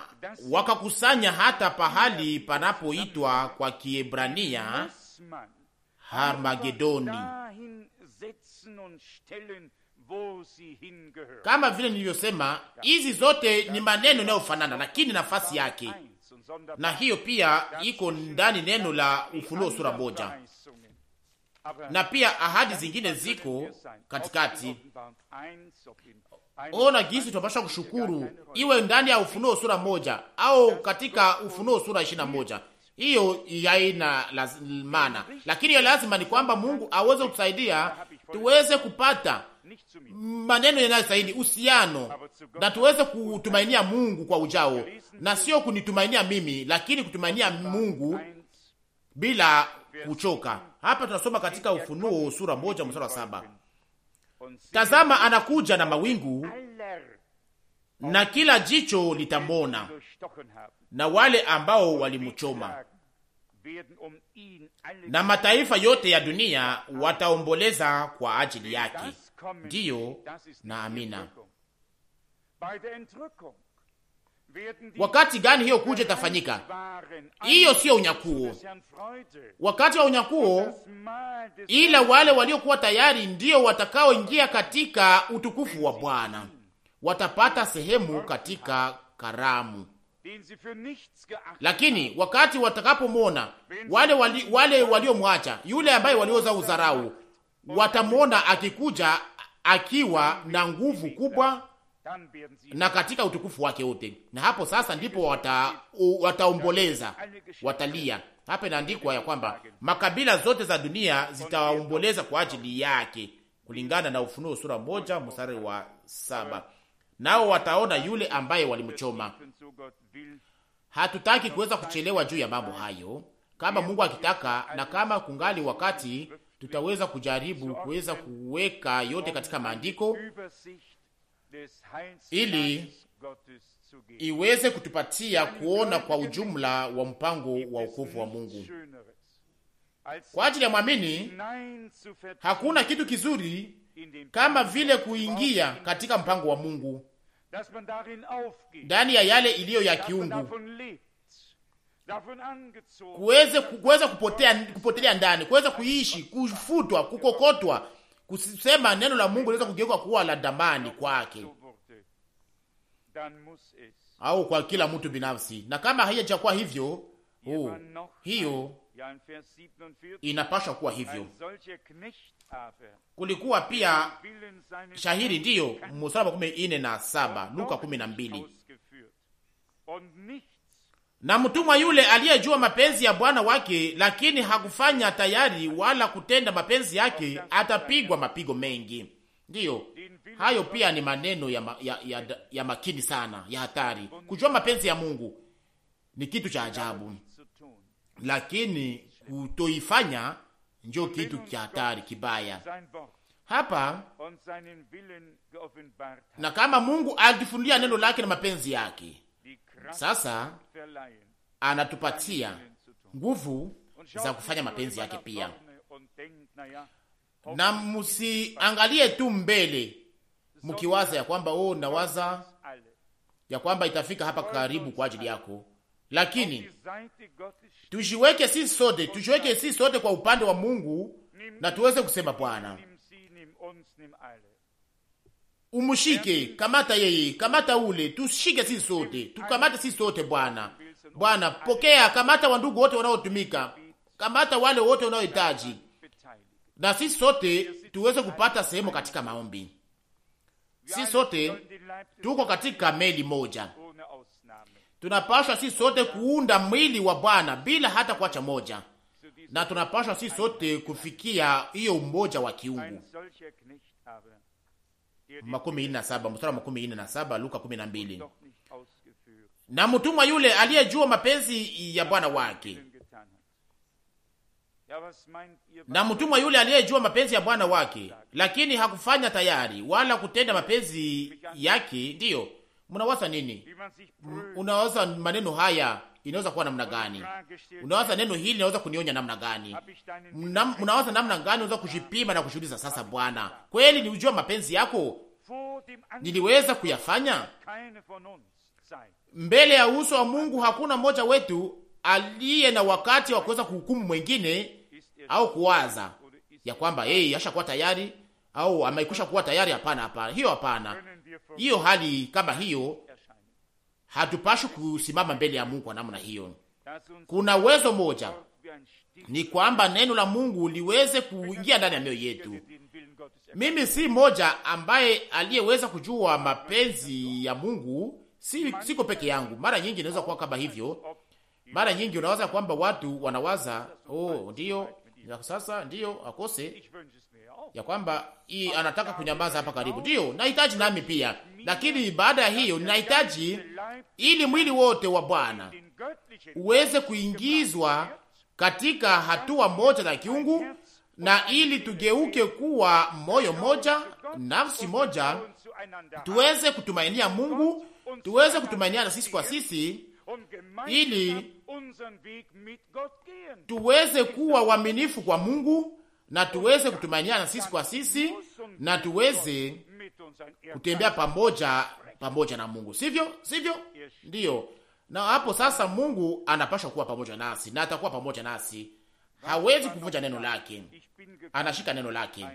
Speaker 2: wakakusanya hata pahali panapoitwa kwa Kiebrania Harmagedoni, kama vile nilivyosema. Hizi zote ni maneno inayofanana, lakini nafasi yake na hiyo pia iko ndani neno la Ufunuo sura moja, na pia ahadi zingine ziko
Speaker 3: katikati. Ona
Speaker 2: gisi tunapasha kushukuru, iwe ndani ya Ufunuo sura moja au katika Ufunuo sura ishirini na moja hiyo yaina maana, lakini ya lazima ni kwamba Mungu aweze kutusaidia tuweze kupata maneno yanayostahili uhusiano, na tuweze kutumainia Mungu kwa ujao, na sio kunitumainia mimi, lakini kutumainia Mungu bila kuchoka. Hapa tunasoma katika Ufunuo sura moja mstari wa saba tazama anakuja na mawingu, na kila jicho litamwona, na wale ambao walimchoma na mataifa yote ya dunia wataomboleza kwa ajili yake ndiyo na amina. Wakati gani hiyo kuja itafanyika? Hiyo siyo unyakuo, wakati wa unyakuo, ila wale waliokuwa tayari ndiyo watakaoingia katika utukufu wa Bwana, watapata sehemu katika karamu. Lakini wakati watakapomwona wale wali, wale waliomwacha yule ambaye walioza udharau watamwona akikuja akiwa na nguvu kubwa na katika utukufu wake wote, na hapo sasa ndipo wata, wataomboleza watalia. Hapa inaandikwa ya kwamba makabila zote za dunia zitaomboleza kwa ajili yake, kulingana na Ufunuo sura moja mstari wa saba. Nao wataona yule ambaye walimchoma. Hatutaki kuweza kuchelewa juu ya mambo hayo, kama Mungu akitaka na kama kungali wakati tutaweza kujaribu kuweza kuweka yote katika maandiko
Speaker 3: ili
Speaker 2: iweze kutupatia kuona kwa ujumla wa mpango wa wokovu wa Mungu kwa ajili ya mwamini. Hakuna kitu kizuri kama vile kuingia katika mpango wa Mungu
Speaker 4: ndani ya yale iliyo ya kiungu,
Speaker 2: kuweze kuweza kupotea kupotelea ndani, kuweza kuishi, kufutwa, kukokotwa, kusema neno la Mungu liweza kugeuka kuwa la damani kwake au kwa kila mtu binafsi. Na kama haijakuwa hivyo, oh, hiyo
Speaker 4: inapaswa kuwa hivyo.
Speaker 2: Kulikuwa pia shahiri, ndiyo, mstari wa kumi na nne na saba Luka kumi na mbili na mtumwa yule aliyejua mapenzi ya bwana wake, lakini hakufanya tayari wala kutenda mapenzi yake, atapigwa mapigo mengi. Ndiyo, hayo pia ni maneno ya, ma, ya, ya, ya makini sana, ya hatari. Kujua mapenzi ya Mungu ni kitu cha ajabu, lakini kutoifanya ndio kitu cha hatari kibaya hapa. Na kama Mungu alitufundia neno lake na mapenzi yake
Speaker 4: sasa
Speaker 2: anatupatia nguvu za kufanya mapenzi yake pia, na musiangalie tu mbele mkiwaza ya kwamba oh, nawaza ya kwamba itafika hapa karibu kwa ajili yako, lakini tujiweke sisi sote, tujiweke sisi sote kwa upande wa Mungu na tuweze kusema Bwana Umushike, kamata yeye, kamata ule, tushike sisi sote, tukamata sisi sote Bwana. Bwana, pokea, kamata wandugu wote wanaotumika, kamata wale wote wanaohitaji, na sisi sote tuweze kupata sehemu katika maombi. Sisi sote tuko katika meli moja, tunapashwa sisi sote kuunda mwili wa Bwana bila hata kuacha moja, na tunapashwa sisi sote kufikia hiyo umoja wa kiungu makumi na saba mstari wa makumi na saba Luka kumi na mbili. Na mtumwa yule aliyejua mapenzi ya bwana wake, na mtumwa yule aliyejua mapenzi ya bwana wake, lakini hakufanya tayari wala kutenda mapenzi yake. Ndiyo mnawaza nini? Unawaza maneno haya inaweza kuwa namna gani? Unawaza neno hili linaweza kunionya namna gani? Unawaza namna gani unaweza kujipima na kujiuliza, sasa Bwana, kweli niujua mapenzi yako? Niliweza kuyafanya mbele ya uso wa Mungu? Hakuna mmoja wetu aliye na wakati wa kuweza kuhukumu mwengine au kuwaza ya kwamba yeye ashakuwa tayari au amekwisha kuwa tayari. Hapana, hapana, hiyo hapana. Hiyo hali kama hiyo hatupashi kusimama mbele ya Mungu kwa namna hiyo. Kuna uwezo moja, ni kwamba neno la Mungu liweze kuingia ndani ya mioyo yetu. Mimi si moja ambaye aliyeweza kujua mapenzi ya Mungu, si siko peke yangu. Mara nyingi inaweza kuwa kama hivyo. Mara nyingi unawaza kwamba watu wanawaza oh, ndiyo sasa, ndiyo akose ya kwamba hii anataka kunyamaza hapa karibu. Ndiyo, nahitaji nami pia, lakini baada ya hiyo ninahitaji ili mwili wote wa Bwana uweze kuingizwa katika hatua moja za kiungu, na ili tugeuke kuwa moyo moja, nafsi moja, tuweze kutumainia Mungu, tuweze kutumainia na sisi kwa sisi, ili tuweze kuwa waaminifu kwa Mungu na tuweze kutumaniana sisi kwa sisi na tuweze kutembea pamoja pamoja na Mungu, sivyo? Sivyo? Ndiyo. Na hapo sasa Mungu anapasha kuwa pamoja nasi na atakuwa pamoja nasi, hawezi kuvunja neno lake, anashika neno lake.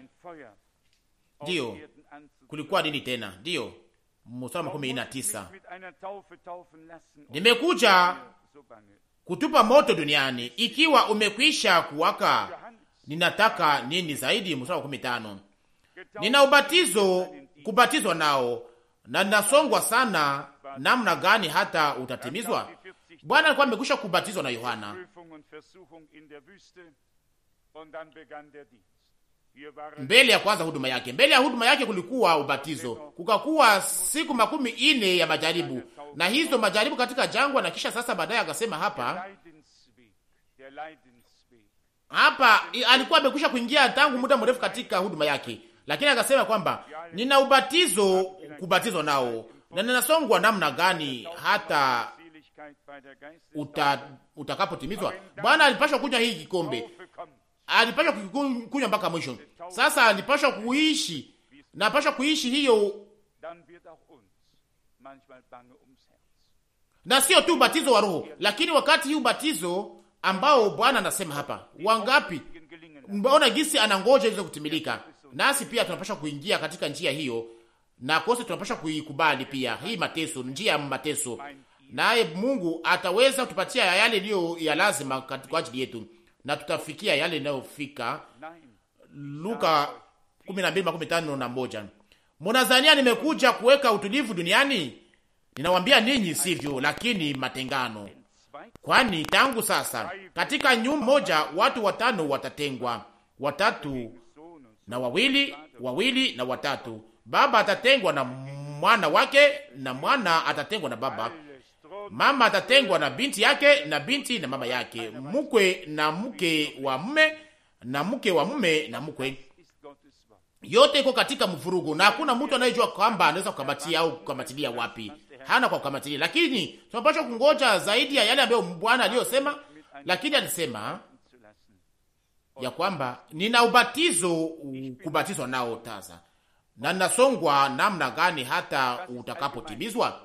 Speaker 2: Ndiyo, kulikuwa nini tena? Ndiyo, mstari makumi ine na tisa nimekuja kutupa moto duniani ikiwa umekwisha kuwaka ninataka nini zaidi? Mstari wa kumi tano nina ubatizo kubatizwa nao na ninasongwa sana namna gani hata utatimizwa. Bwana alikuwa amekwisha kubatizwa na Yohana mbele ya kwanza huduma yake. Mbele ya huduma yake kulikuwa ubatizo, kukakuwa siku makumi ine ya majaribu na hizo majaribu katika jangwa, na kisha sasa baadaye akasema hapa hapa alikuwa amekwisha kuingia tangu muda mrefu katika huduma yake, lakini akasema kwamba nina ubatizo kubatizwa nao na ninasongwa namna gani hata uta, utakapotimizwa. Bwana alipashwa kunywa hii kikombe, alipashwa kunywa mpaka mwisho. Sasa alipashwa kuishi na kuishi hiyo, na sio tu ubatizo wa roho, lakini wakati hii ubatizo ambao Bwana anasema hapa. Wangapi mbona gisi anangoja iweze kutimilika, nasi pia tunapasha kuingia katika njia hiyo, na kose tunapasha kuikubali pia hii mateso, njia ya mateso, naye Mungu ataweza kutupatia yale iliyo ya lazima kwa ajili yetu, na tutafikia yale yanayofika. Luka 12:15 na moja. Mnadhania nimekuja kuweka utulivu duniani? Ninawambia ninyi sivyo, lakini matengano kwani tangu sasa katika nyumba moja watu watano watatengwa, watatu na wawili, wawili na watatu. Baba atatengwa na mwana wake, na mwana atatengwa na baba, mama atatengwa na binti yake, na binti na mama yake, mkwe na mke wa mume, na mke wa mume na mkwe. Yote iko katika mvurugu, na hakuna mtu anayejua kwamba anaweza kukamatia au kukamatilia wapi hana kwa kukamatilia, lakini tunapaswa kungoja zaidi ya yale ambayo Bwana aliyosema. Lakini alisema ya kwamba nina ubatizo kubatizwa nao taza na nasongwa namna gani hata utakapotimizwa?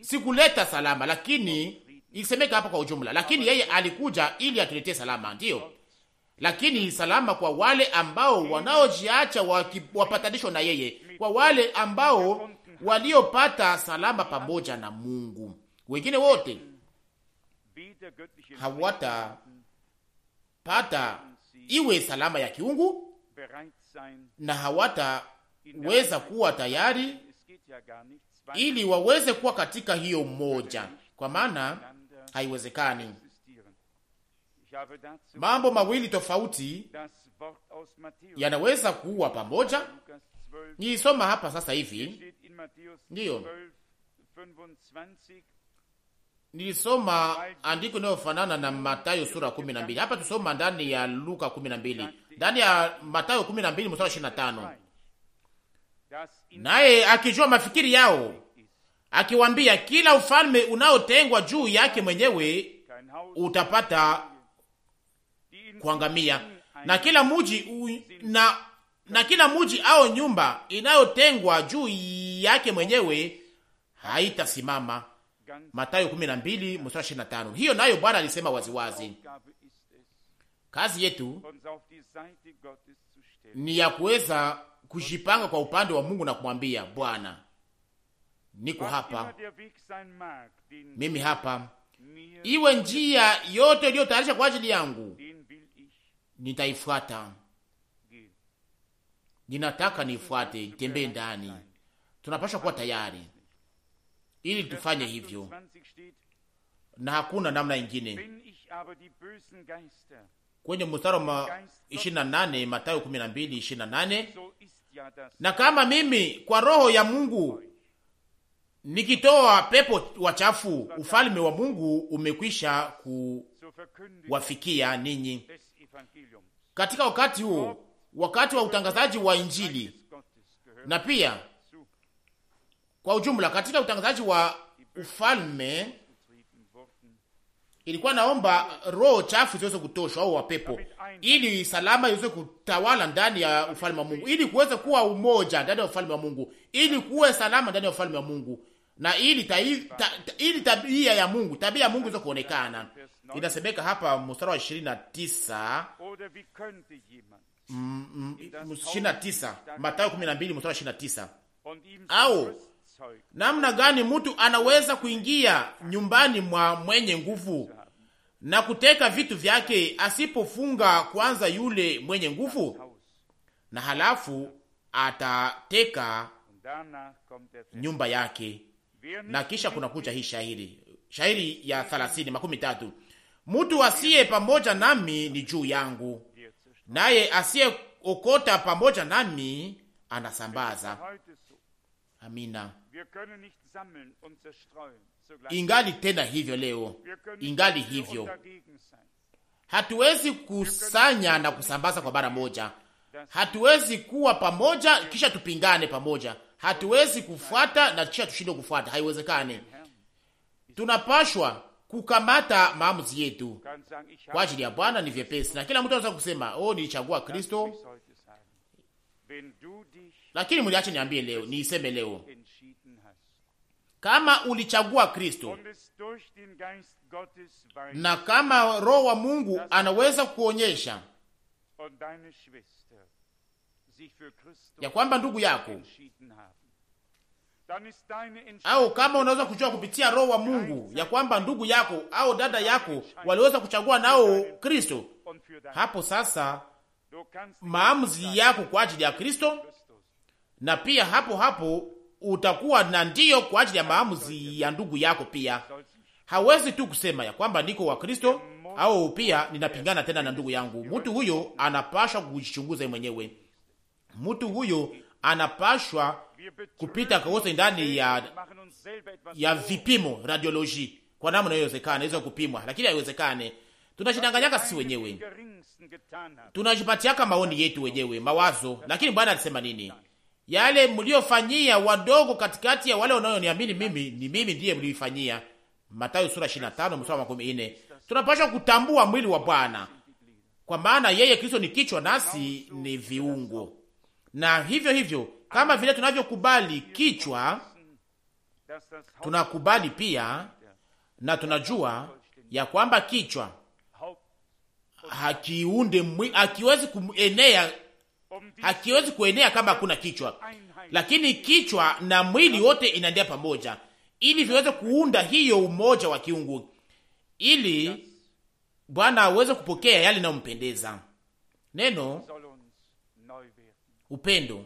Speaker 2: Sikuleta salama, lakini isemeka hapa kwa ujumla, lakini yeye alikuja ili atuletee salama, ndiyo lakini salama kwa wale ambao wanaojiacha wapatanishwa na yeye, kwa wale ambao waliopata salama pamoja na Mungu. Wengine wote hawatapata iwe salama ya kiungu na hawataweza kuwa tayari
Speaker 3: ili waweze
Speaker 2: kuwa katika hiyo mmoja, kwa maana haiwezekani mambo mawili tofauti yanaweza kuwa pamoja. Niisoma hapa sasa hivi Ndiyo, nilisoma andiko inayofanana na Matayo sura kumi na mbili. Hapa tusoma ndani ya Luka kumi na mbili, ndani ya Matayo kumi na mbili mstari ishirini na tano naye akijua mafikiri yao akiwambia, kila ufalme unaotengwa juu yake mwenyewe utapata kuangamia, na kila muji u, na na kila muji au nyumba inayotengwa juu yake mwenyewe haitasimama. Mathayo 12:25. Hiyo nayo Bwana alisema waziwazi. Kazi yetu ni ya kuweza kujipanga kwa upande wa Mungu na kumwambia Bwana, niko hapa, mimi hapa, iwe njia yote iliyotayarisha kwa ajili yangu nitaifuata ninataka nifuate, nitembee ndani. Tunapaswa kuwa tayari ili tufanye hivyo, na hakuna namna ingine. Kwenye mstari wa ishirini na nane Mathayo kumi na mbili na nane na kama mimi kwa roho ya Mungu nikitoa pepo wachafu, ufalme wa Mungu umekwisha kuwafikia ninyi. Katika wakati huo wakati wa utangazaji wa Injili na pia kwa ujumla katika utangazaji wa ufalme ilikuwa naomba roho chafu ziweze kutoshwa au wapepo, ili salama iweze kutawala ndani ya ufalme wa Mungu, ili kuweze kuwa umoja ndani ya ufalme wa Mungu, ili kuwe salama ndani ya ufalme wa Mungu, na ili ta, ta, ili tabia ya Mungu, tabia ya Mungu iweze kuonekana. Inasemeka hapa mstari wa tisa 29, mm, mm, Mathayo mstari Au namna gani mtu anaweza kuingia nyumbani mwa mwenye nguvu na kuteka vitu vyake asipofunga kwanza yule mwenye nguvu, na halafu atateka nyumba yake. Na kisha kuna kunakuja hii shahiri, shahiri ya 3 makumi tatu, mtu asiye pamoja nami ni juu yangu naye asiyeokota pamoja nami anasambaza. Amina. Ingali tena hivyo leo, ingali hivyo, hatuwezi kusanya na kusambaza kwa bara moja. Hatuwezi kuwa pamoja kisha tupingane pamoja. Hatuwezi kufuata na kisha tushindwe kufuata, haiwezekani. Tunapashwa kukamata maamuzi yetu kwa ajili ya Bwana ni vyepesi, na kila mtu anaweza kusema oh, nilichagua Kristo, lakini mliache niambie leo, niiseme leo kama ulichagua Kristo
Speaker 4: na kama
Speaker 2: Roho wa Mungu anaweza kuonyesha ya kwamba ndugu yako au kama unaweza kujua kupitia Roho wa Mungu ya kwamba ndugu yako au dada yako waliweza kuchagua nao Kristo, hapo sasa maamuzi yako kwa ajili ya Kristo, na pia hapo hapo utakuwa na ndiyo kwa ajili ya maamuzi ya ndugu yako pia. Hawezi tu kusema ya kwamba niko wa Kristo au pia ninapingana tena na ndugu yangu. Mtu huyo anapashwa kujichunguza mwenyewe. Mtu huyo anapashwa kupita kokote ndani ya, ya vipimo radioloji kwa namna inayowezekana iweza kupimwa, lakini haiwezekane. Tunajidanganyaka sisi wenyewe, tunajipatiaka maoni yetu wenyewe, mawazo. Lakini Bwana alisema nini? Yale mliofanyia wadogo katikati ya wale wanaoniamini mimi, ni mimi ndiye mliifanyia. Mathayo sura 25 mstari wa 14. Tunapaswa kutambua mwili wa Bwana, kwa maana yeye Kristo ni kichwa, nasi ni viungo na hivyo hivyo kama vile tunavyokubali kichwa, tunakubali pia na tunajua ya kwamba kichwa hakiunde mwi, hakiwezi kuenea, hakiwezi kuenea kama hakuna kichwa, lakini kichwa na mwili wote inaendea pamoja ili viweze kuunda hiyo umoja wa kiungu, ili Bwana aweze kupokea yale inayompendeza. Neno upendo.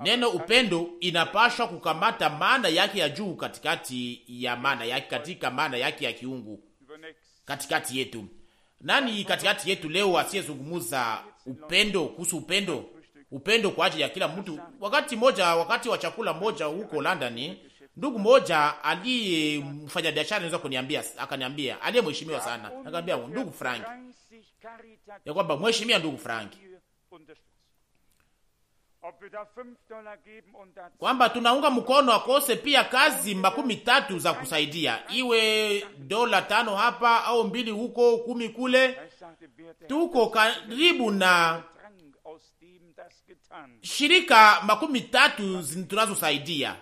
Speaker 2: Neno upendo inapashwa kukamata maana yake ya juu katikati ya maana yake, katika maana yake ya kiungu katikati yetu. Nani katikati yetu leo asiyezungumuza upendo, kuhusu upendo, upendo kwa ajili ya kila mtu? Wakati moja, wakati wa chakula moja huko London, ndugu moja aliye mfanyabiashara naweza kuniambia, akaniambia, aliye aliyemheshimiwa sana, akaniambia ndugu Frank, ya kwamba mheshimiwa ndugu Frank kwamba tunaunga mkono akose pia kazi makumi tatu za kusaidia, iwe dola tano hapa au mbili huko kumi kule. Tuko karibu na shirika makumi tatu tunazosaidia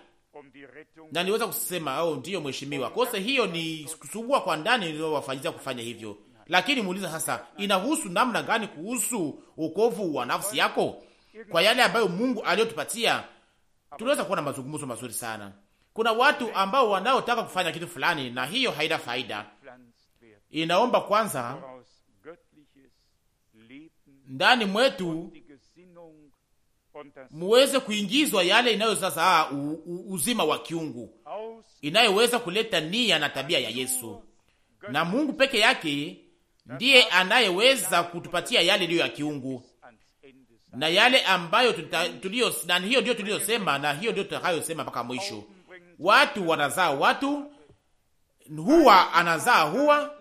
Speaker 2: na niweza kusema oh, ndiyo mheshimiwa, kose hiyo ni kusugua kwa ndani iliyowafanyizia kufanya hivyo. Lakini muuliza sasa, inahusu namna gani kuhusu ukovu wa nafsi yako? kwa yale ambayo Mungu aliyotupatia, tunaweza kuwa na mazungumzo mazuri sana. Kuna watu ambao wanaotaka kufanya kitu fulani, na hiyo haina faida. Inaomba kwanza ndani mwetu muweze kuingizwa yale inayozaza uzima wa kiungu inayoweza kuleta nia na tabia ya Yesu, na Mungu peke yake ndiye anayeweza kutupatia yale iliyo ya kiungu na yale ambayo tulio, na hiyo ndio tuliyosema na hiyo ndio tutakayosema mpaka mwisho. Watu wanazaa watu, huwa anazaa huwa,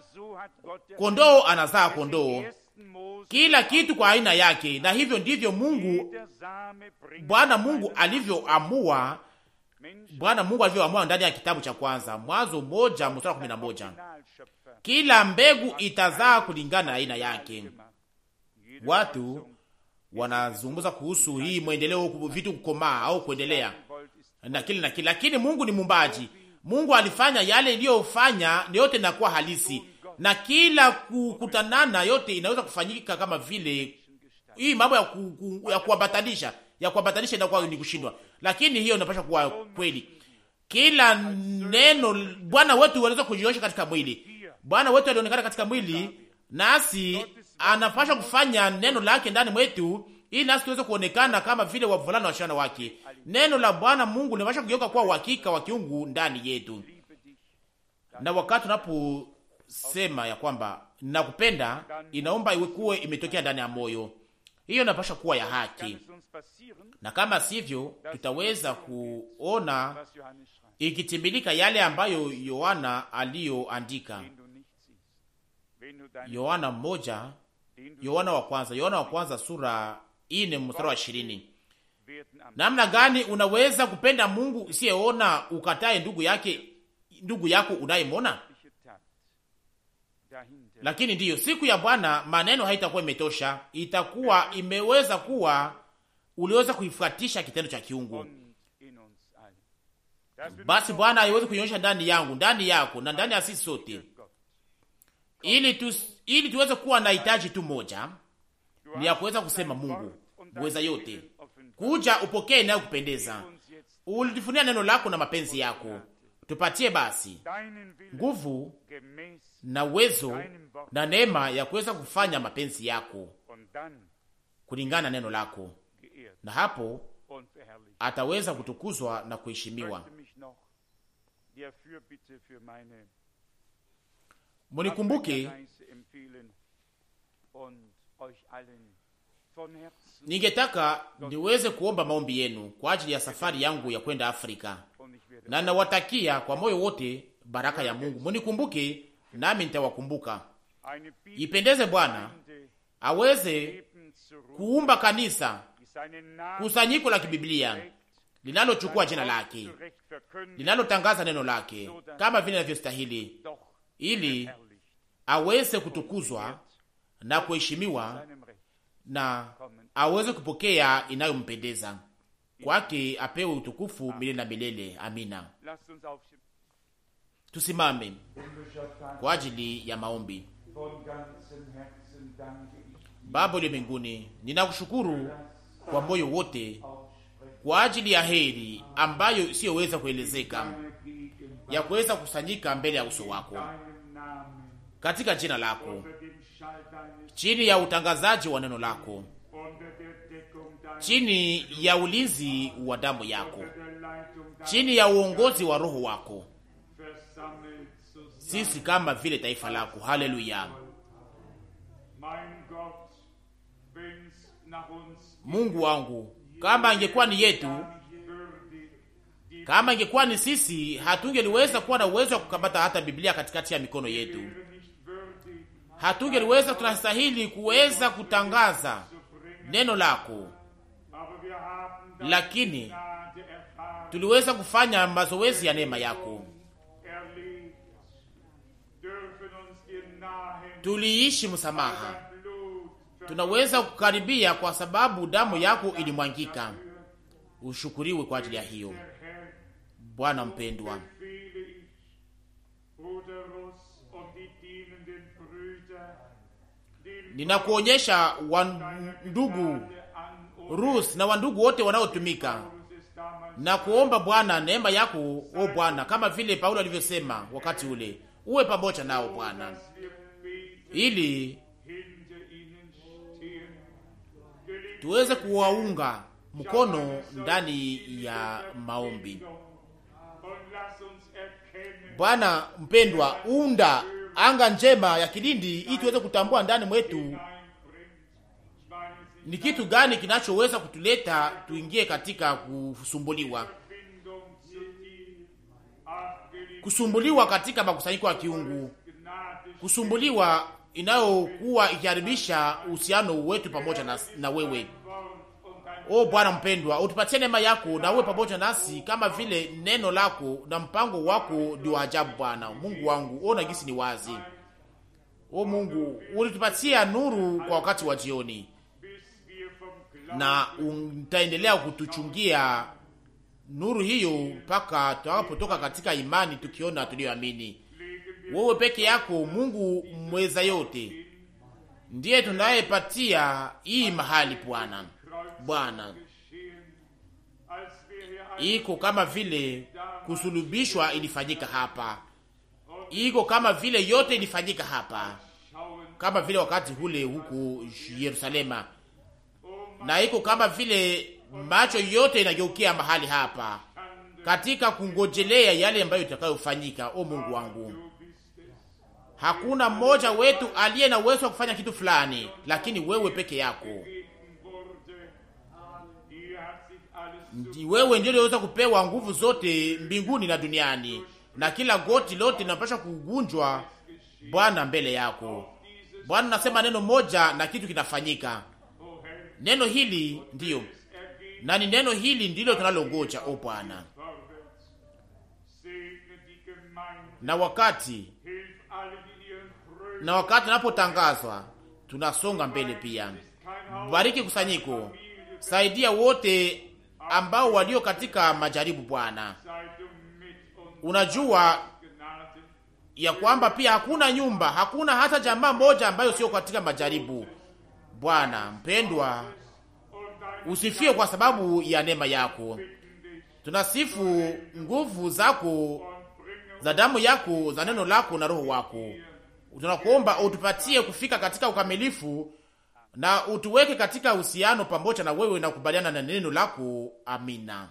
Speaker 2: kondoo anazaa kondoo, kila kitu kwa aina yake. Na hivyo ndivyo Mungu Bwana Mungu alivyoamua, Bwana Mungu alivyoamua ndani ya kitabu cha kwanza Mwanzo moja mstari kumi na moja kila mbegu itazaa kulingana na aina yake. Watu wanazungumza kuhusu hii mwendeleo, vitu kukomaa au kuendelea na kile na kile, lakini Mungu ni mumbaji. Mungu alifanya yale iliyofanya yote inakuwa halisi, na kila kukutanana yote inaweza kufanyika kama vile hii mambo ya, ku, ku, ya kuambatanisha ya kuambatanisha inakuwa ni kushindwa, lakini hiyo inapaswa kuwa kweli. Kila neno Bwana wetu aliweza kujionyesha katika mwili. Bwana wetu alionekana katika mwili, nasi anapasha kufanya neno lake ndani mwetu, ili nasi tuweze kuonekana kama vile wavulana na wasichana wake. Neno la Bwana Mungu linapasha kugeuka kuwa uhakika wa kiungu ndani yetu, na wakati tunaposema ya kwamba nakupenda, inaomba kuwe imetokea ndani ya moyo hiyo inapasha kuwa ya haki, na kama sivyo, tutaweza kuona ikitimilika yale ambayo Yohana aliyoandika, Yohana moja Yohana wa kwanza, Yohana wa kwanza sura ine mstari wa ishirini. Namna gani unaweza kupenda Mungu usiyeona ukatae ndugu yake ndugu yako unayemona? Lakini ndiyo siku ya Bwana maneno haitakuwa imetosha, itakuwa imeweza kuwa uliweza kuifuatisha kitendo cha kiungu. Basi Bwana aiweze kuionyesha ndani yangu, ndani yako na ndani ya sisi sote, ili tu ili tuweze kuwa na hitaji tu moja, ni ya kuweza kusema Mungu uweza yote, kuja upokee nayo kupendeza, ulitufunia neno lako na mapenzi yako. Tupatie basi nguvu na uwezo na neema ya kuweza kufanya mapenzi yako kulingana na neno lako,
Speaker 4: na hapo
Speaker 2: ataweza kutukuzwa na kuheshimiwa. Munikumbuke Ningetaka niweze kuomba maombi yenu kwa ajili ya safari yangu ya kwenda Afrika, na nawatakia kwa moyo wote baraka ya Mungu. Munikumbuke nami nitawakumbuka.
Speaker 3: Ipendeze Bwana
Speaker 2: aweze kuumba kanisa, kusanyiko la kibiblia linalochukua jina lake, linalotangaza neno lake kama vile inavyostahili, ili aweze kutukuzwa na kuheshimiwa na aweze kupokea inayompendeza kwake, apewe utukufu milele na milele. Amina. Tusimame kwa ajili ya maombi. Baba uliye mbinguni, ninakushukuru kwa moyo wote kwa ajili ya heri ambayo isiyoweza kuelezeka ya kuweza kukusanyika mbele ya uso wako katika jina lako, chini ya utangazaji wa neno lako, chini ya ulinzi wa damu yako, chini ya uongozi wa Roho wako, sisi kama vile taifa lako. Haleluya. Mungu wangu, kama ingekuwa ni yetu, kama ingekuwa ni sisi, hatungeliweza kuwa na uwezo wa kukamata hata Biblia katikati ya mikono yetu hatungeliweza tunastahili kuweza kutangaza neno lako, lakini tuliweza kufanya mazoezi ya neema yako, tuliishi msamaha, tunaweza kukaribia kwa sababu damu yako ilimwangika. Ushukuriwe kwa ajili ya hiyo, Bwana mpendwa. ninakuonyesha wandugu Rus na wandugu wote wanaotumika na kuomba Bwana neema yako, o Bwana, kama vile Paulo alivyosema wakati ule, uwe pamoja nao Bwana, ili tuweze kuwaunga mkono ndani ya maombi. Bwana mpendwa, unda anga njema ya kilindi, ili tuweze kutambua ndani mwetu ni kitu gani kinachoweza kutuleta tuingie katika kusumbuliwa, kusumbuliwa katika makusanyiko ya kiungu, kusumbuliwa inayokuwa ikiharibisha uhusiano wetu pamoja na, na wewe O Bwana mpendwa, utupatie neema yako na uwe pamoja nasi kama vile neno lako na mpango wako ni wa ajabu. Bwana Mungu wangu, ona gisi ni wazi. O Mungu, ulitupatia nuru kwa wakati wa jioni, na utaendelea kutuchungia nuru hiyo mpaka tutakapotoka katika imani tukiona tuliyoamini. Wewe peke yako Mungu mweza yote ndiye tunayepatia hii mahali Bwana Bwana iko kama vile kusulubishwa ilifanyika hapa, iko kama vile yote ilifanyika hapa, kama vile wakati hule huko Yerusalema, na iko kama vile macho yote inageukia mahali hapa katika kungojelea yale ambayo itakayofanyika. O Mungu wangu, hakuna mmoja wetu aliye na uwezo wa kufanya kitu fulani, lakini wewe peke yako wewe ndio uliweza kupewa nguvu zote mbinguni na duniani, na kila goti lote linapaswa kugunjwa Bwana mbele yako. Bwana nasema neno moja na kitu kinafanyika. Neno hili ndiyo na ni neno hili ndilo tunalongoja, o Bwana. Na wakati na wakati tunapotangazwa, tunasonga mbele pia. Bariki kusanyiko, saidia wote ambao walio katika majaribu. Bwana, unajua ya kwamba pia hakuna nyumba, hakuna hata jamaa moja ambayo sio katika majaribu. Bwana mpendwa, usifie kwa sababu ya neema yako. Tunasifu nguvu zako za damu yako za neno lako na roho wako. Tunakuomba utupatie kufika katika ukamilifu na utuweke katika uhusiano pamoja na wewe na kukubaliana na neno lako. Amina.